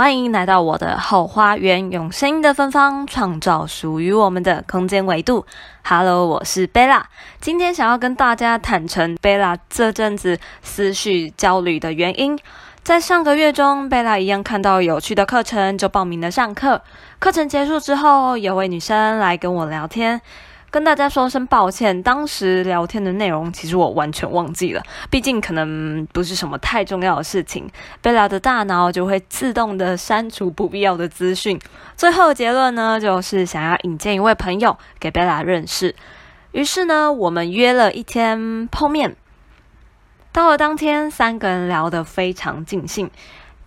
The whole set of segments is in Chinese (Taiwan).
歡迎來到我的 Hoo 花園，用聲音的芬芳創造屬於我們的空間維度。Hello，我是 Bella，今天想要跟大家坦承 Bella 這陣子思緒焦慮的原因。在上個月中，Bella 一樣看到有趣的課程就報名了上課。課程結束之後，有位女生來跟我聊天。跟大家說聲抱歉，當時聊天的內容其實我完全忘記了，畢竟可能不是什麼太重要的事情。貝拉的大腦就會自動的刪除不必要的資訊。最後結論呢，就是想要引薦一位朋友給貝拉認識。於是呢，我們約了一天碰面。到了當天，三個人聊得非常盡興。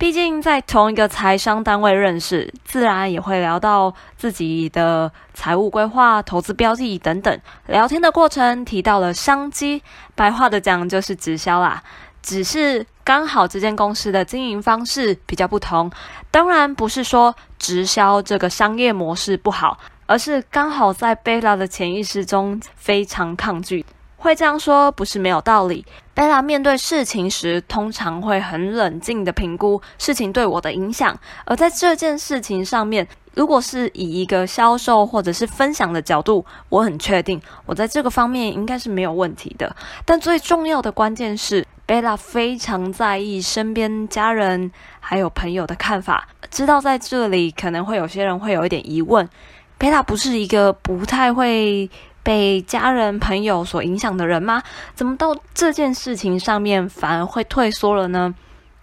畢竟在同一個財商單位認識，自然也會聊到自己的財務規劃、投資標的等等。聊天的過程提到了商機，白話的講就是直銷啦。只是剛好這間公司的經營方式比較不同，當然不是說直銷這個商業模式不好，而是剛好在貝拉的潛意識中非常抗拒。會這樣說不是沒有道理。貝拉面對事情時，通常會很冷靜地評估事情對我的影響。而在這件事情上面，如果是以一個銷售或者是分享的角度，我很確定我在這個方面應該是沒有問題的。但最重要的關鍵是，貝拉非常在意身邊家人還有朋友的看法。知道在這裡可能會有些人會有一點疑問。貝拉不是一個不太會。被家人朋友所影響的人嗎？怎麼到這件事情上面反而會退縮了呢？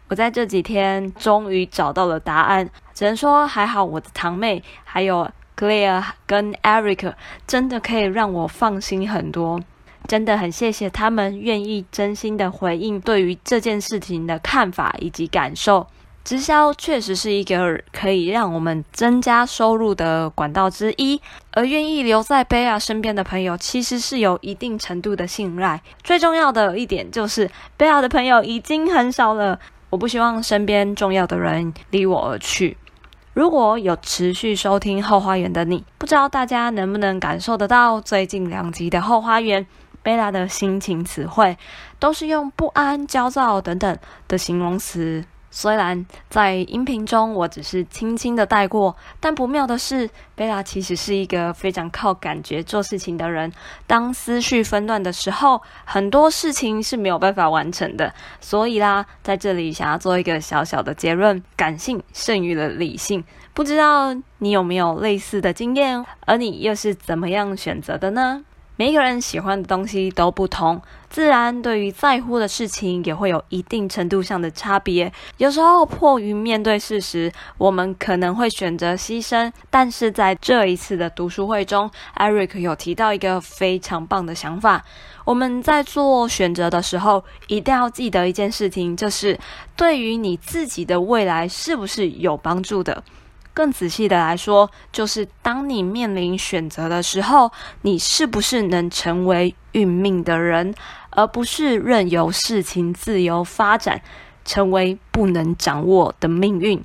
我在這幾天終於找到了答案，只能說還好我的堂妹還有 Claire 跟 Eric 真的可以讓我放心很多，真的很謝謝他們願意真心的回應對於這件事情的看法以及感受。直銷確實是一個可以讓我們增加收入的管道之一，而願意留在 Bella 身邊的朋友，其實是有一定程度的信賴。最重要的一點就是，Bella 的朋友已經很少了。我不希望身邊重要的人離我而去。如果有持續收聽《Hoo 花園》的你，不知道大家能不能感受得到最近兩集的《Hoo 花園》，Bella 的心情詞彙都是用不安、焦躁等等的形容詞。雖然在音頻中我只是輕輕的帶過，但不妙的是，貝拉其實是一個非常靠感覺做事情的人。當思緒紛亂的時候，很多事情是沒有辦法完成的。所以啦，在這裡想要做一個小小的結論，感性勝於了理性。不知道你有沒有類似的經驗？而你又是怎麼樣選擇的呢？每個人喜歡的東西都不同，自然對於在乎的事情也會有一定程度上的差別。有時候迫於面對事實，我們可能會選擇犧牲。但是在這一次的讀書會中，Eric 有提到一個非常棒的想法：我們在做選擇的時候，一定要記得一件事情，就是對於你自己的未來是不是有幫助的。更仔細的來說，就是當你面臨選擇的時候，你是不是能成為運命的人，而不是任由事情自由發展，成為不能掌握的命運？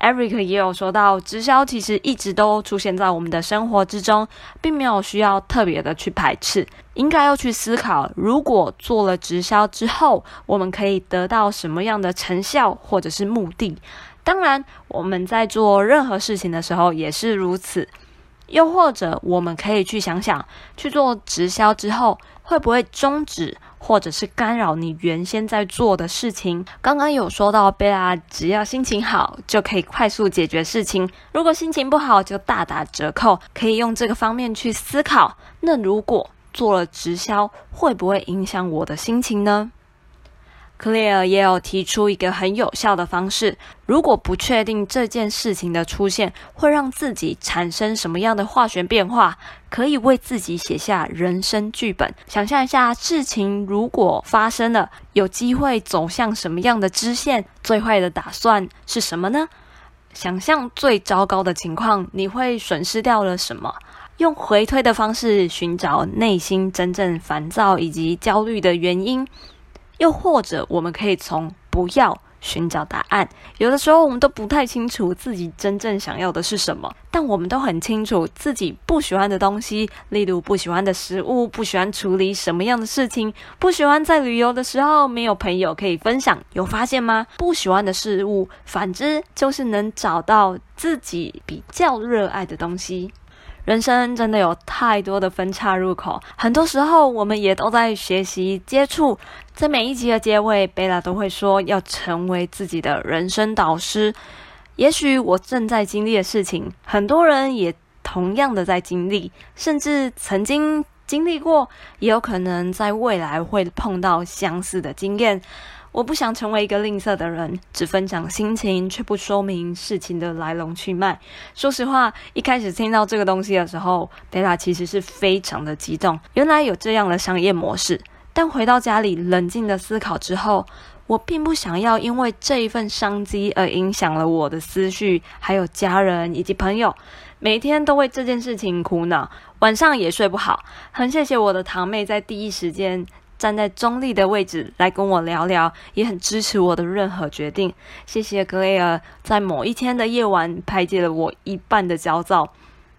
Eric 也有說到，直銷其實一直都出現在我們的生活之中，並沒有需要特別的去排斥，應該要去思考，如果做了直銷之後，我們可以得到什麼樣的成效或者是目的。當然，我們在做任何事情的時候也是如此。又或者，我們可以去想想，去做直銷之後會不會終止。或者是干擾你原先在做的事情。剛剛有說到，貝拉只要心情好就可以快速解決事情，如果心情不好就大打折扣。可以用這個方面去思考。那如果做了直銷，會不會影響我的心情呢？Clear 也有提出一個很有效的方式：如果不確定這件事情的出現會讓自己產生什麼樣的化學變化，可以為自己寫下人生劇本，想象一下事情如果發生了，有機會走向什麼樣的支線？最壞的打算是什麼呢？想象最糟糕的情況，你會損失掉了什麼？用回推的方式尋找內心真正煩躁以及焦慮的原因。又或者，我們可以從不要尋找答案。有的時候，我們都不太清楚自己真正想要的是什麼，但我們都很清楚自己不喜歡的東西，例如不喜歡的食物，不喜歡處理什麼樣的事情，不喜歡在旅遊的時候沒有朋友可以分享。有發現嗎？不喜歡的事物，反之就是能找到自己比較熱愛的東西。人生真的有太多的分岔入口，很多時候我們也都在學習接觸。在每一集的結尾，貝拉都會說要成為自己的人生導師。也許我正在經歷的事情，很多人也同樣的在經歷，甚至曾經經歷過，也有可能在未來會碰到相似的經驗。我不想成為一個吝嗇的人，只分享心情，卻不說明事情的來龍去脈。說實話，一開始聽到這個東西的時候，貝拉其實是非常的激動，原來有這樣的商業模式。但回到家裡冷靜的思考之後，我並不想要因為這一份商機而影響了我的思緒，還有家人以及朋友，每天都為這件事情苦惱，晚上也睡不好。很謝謝我的堂妹在第一時間。站在中立的位置來跟我聊聊，也很支持我的任何決定。謝謝格雷爾在某一天的夜晚排解了我一半的焦躁。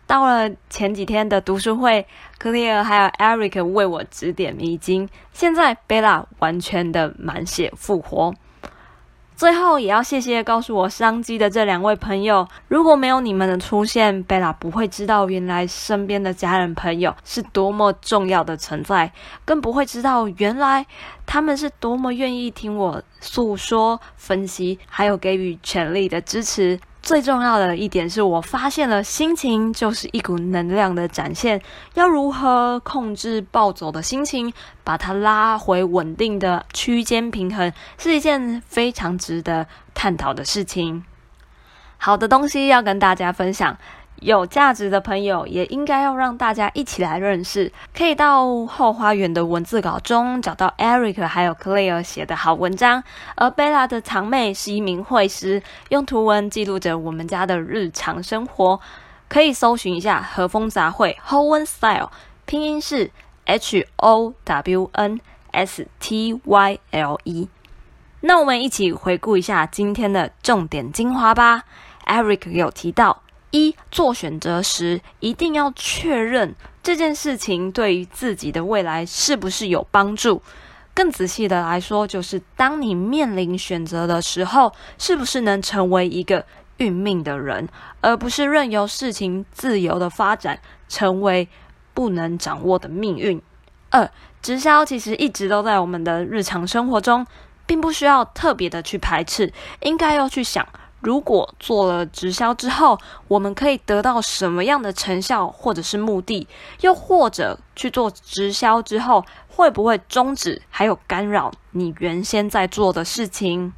到了前幾天的讀書會，格雷爾還有艾瑞克為我指點迷津。現在貝拉完全的滿血復活。最後，也要謝謝告訴我商機的這兩位朋友。如果沒有你們的出現，貝拉不會知道原來身邊的家人朋友是多麼重要的存在，更不會知道原來他們是多麼願意聽我訴說、分析，還有給予全力的支持。最重要的一點是我發現了，心情就是一股能量的展現。要如何控制暴走的心情，把它拉回穩定的區間平衡，是一件非常值得探討的事情。好的東西要跟大家分享。有價值的朋友也應該要讓大家一起來認識，可以到後花園的文字稿中找到 Eric 還有 Claire 寫的好文章。而 Bella 的堂妹是一名繪師，用圖文記錄着我們家的日常生活，可以搜尋一下和風雜燴 Hown Style，拼音是 H O W N S T Y L E。那我們一起回顧一下今天的重點精華吧。Eric 有提到。一，做選擇時，一定要確認這件事情對於自己的未來是不是有幫助。更仔細的來說，就是當你面臨選擇的時候，是不是能成為一個運命的人，而不是任由事情自由的發展，成為不能掌握的命運。二，直銷其實一直都在我們的日常生活中，並不需要特別的去排斥，應該要去想。如果做了直銷之後，我們可以得到什麼樣的成效或者是目的？又或者去做直銷之後，會不會終止還有干擾你原先在做的事情？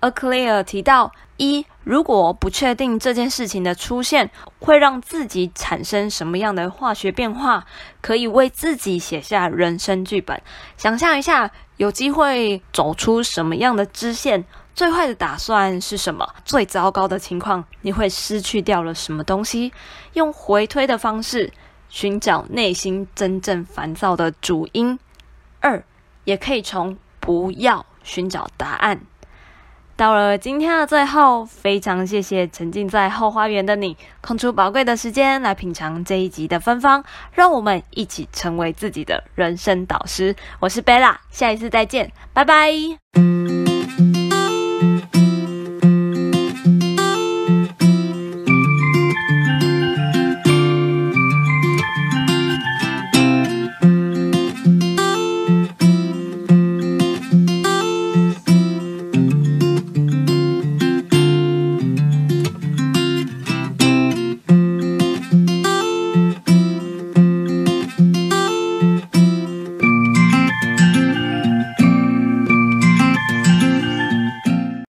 而 Clear 提到：一，如果不確定這件事情的出現會讓自己產生什麼樣的化學變化，可以為自己寫下人生劇本，想象一下有機會走出什麼樣的支線。最壞的打算是什麼？最糟糕的情況，你會失去掉了什麼東西？用回推的方式尋找內心真正煩躁的主因。二，也可以從不要尋找答案。到了今天的最後，非常謝謝沉浸在後花園的你，空出寶貴的時間來品嘗這一集的芬芳。讓我們一起成為自己的人生導師。我是貝拉，下一次再見，拜拜。